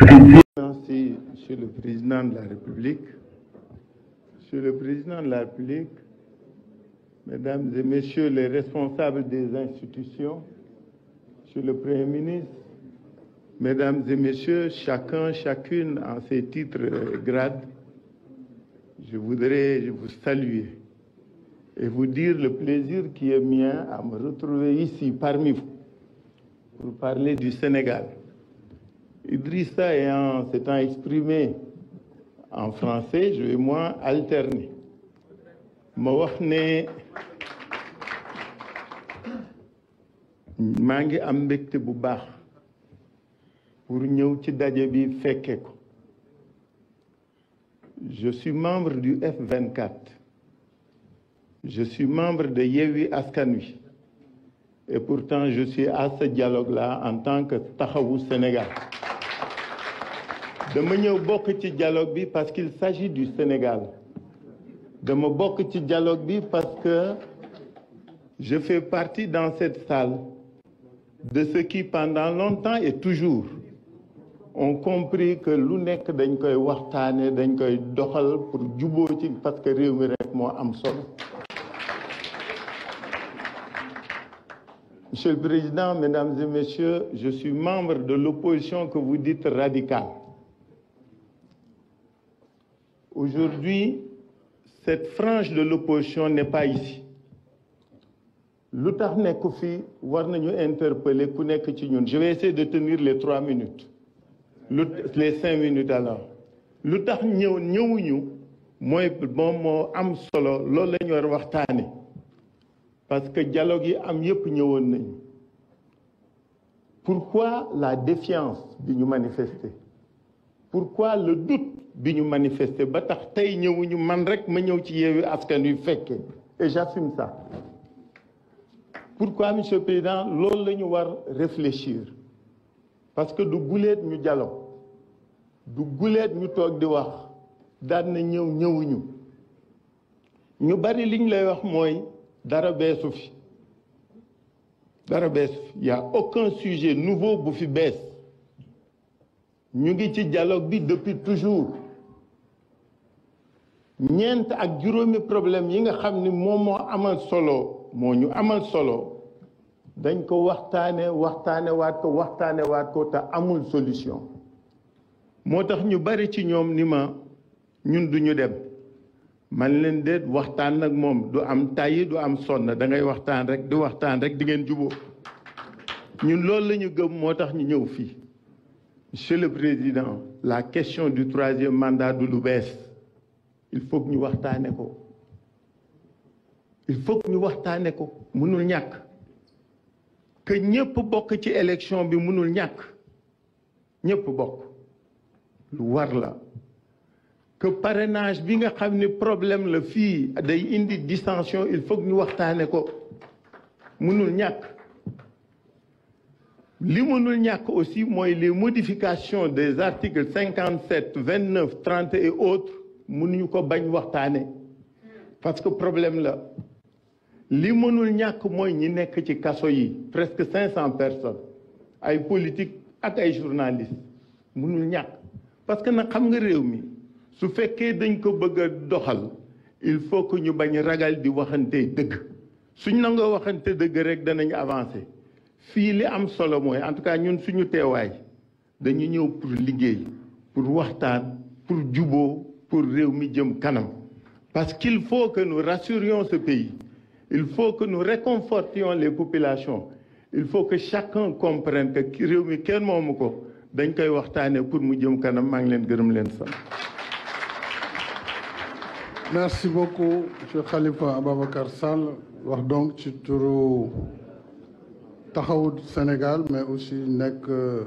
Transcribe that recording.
Merci, Monsieur le Président de la République. Monsieur le Président de la République, Mesdames et Messieurs les responsables des institutions, Monsieur le Premier ministre, Mesdames et Messieurs, chacun, chacune en ses titres euh, grades, je voudrais vous saluer et vous dire le plaisir qui est mien à me retrouver ici parmi vous pour parler du Sénégal. Idrissa en s'étant exprimé en français je vais moi alterner pour je suis membre du F24 je suis membre de Yewi Askanui. et pourtant je suis à ce dialogue-là en tant que Taxawu Sénégal je suis un dialogue parce qu'il s'agit du Sénégal Je bokk ci dialogue parce que je fais partie dans cette salle de ceux qui pendant longtemps et toujours ont compris que lu nekk dañ koy waxtaane dañ koy pour parce que rek Monsieur le Président, Mesdames et Messieurs, je suis membre de l'opposition que vous dites radicale. Aujourd'hui, cette frange de l'opposition n'est pas ici lu tax nekk fi war nañu interpeller ku nekk ci ñun je vais essayer de tenir les trois minutes les cinq minutes alors lu tax ñëw ñëwuñu mooy moom moo am solo loolu la ñu war waxtaane parce que dialogue yi am yépp ñëwoon nañ pourquoi la défiance bi ñu manifester pourquoi le doute biñu manifester ba tax tay ñewuñu man rek ma ñew ci yeewi askan yu fekkee et j'assume ça pourquoi monsieur le président lool lañu war réfléchir parce que du guleet ñu dialogue du guleet ñu tok di wax daan na ñew ñewuñu ñu bari liñ lay wax mooy dara beesu fi dara bees y a aucun sujet nouveau bu fi bees ñu ngi ci dialogue bi depuis toujours ñeent ak juróomi problème yi nga xam ni moom moo amal solo moo ñu amal solo dañ ko waxtaane waxtaane waat ko waxtaane waat ko te amul solution moo tax ñu bari ci ñoom ni ma ñun duñu dem man leen déet waxtaan nag moom du am tàyyi du am sonn da ngay waxtaan rek di waxtaan rek di ngeen juboo ñun loolu la ñu gëm ñu ñëw fii monsieur le président la question du troisième mandat du lu il faut que nous waxtane ko il faut que nous waxtane ko mënul ñak que nous bok ci élection bi mënul nous ñepp bok lu war la que parrainage bi nga avons problème problèmes, des day indi distension il faut que nous waxtane ko mënul ñak nous mënul ñak aussi moy les modifications des articles 57 29 30 et autres mënuñu ko bañ waxtaane parce que problème la li mënul ñàkk mooy ñi nekk ci kaso yi presque cinq cent personnes ay politique ak ay journalistes mënul ñàkk parce que na xam nga réew mi su fekkee dañ ko bëgg a doxal il faut que ñu bañ ragal di waxante dëgg suñ nangoo waxante dëgg rek danañ avancer fii li am solo mooy en tout cas ñun suñu teewaay dañu ñëw pour liggéey pour waxtaan pour juboo pour réew mi kanam parce qu'il faut que nous rassurions ce pays il faut que nous réconfortions les populations il faut que chacun comprenne que réew mi kenn moomu ko dañ pour mu jëm kanam maa ngi leen gërëm leen merci beaucoup M. Khalifa Ababakar Sall wax donc ci turu taxawu Sénégal mais aussi Nek. Euh,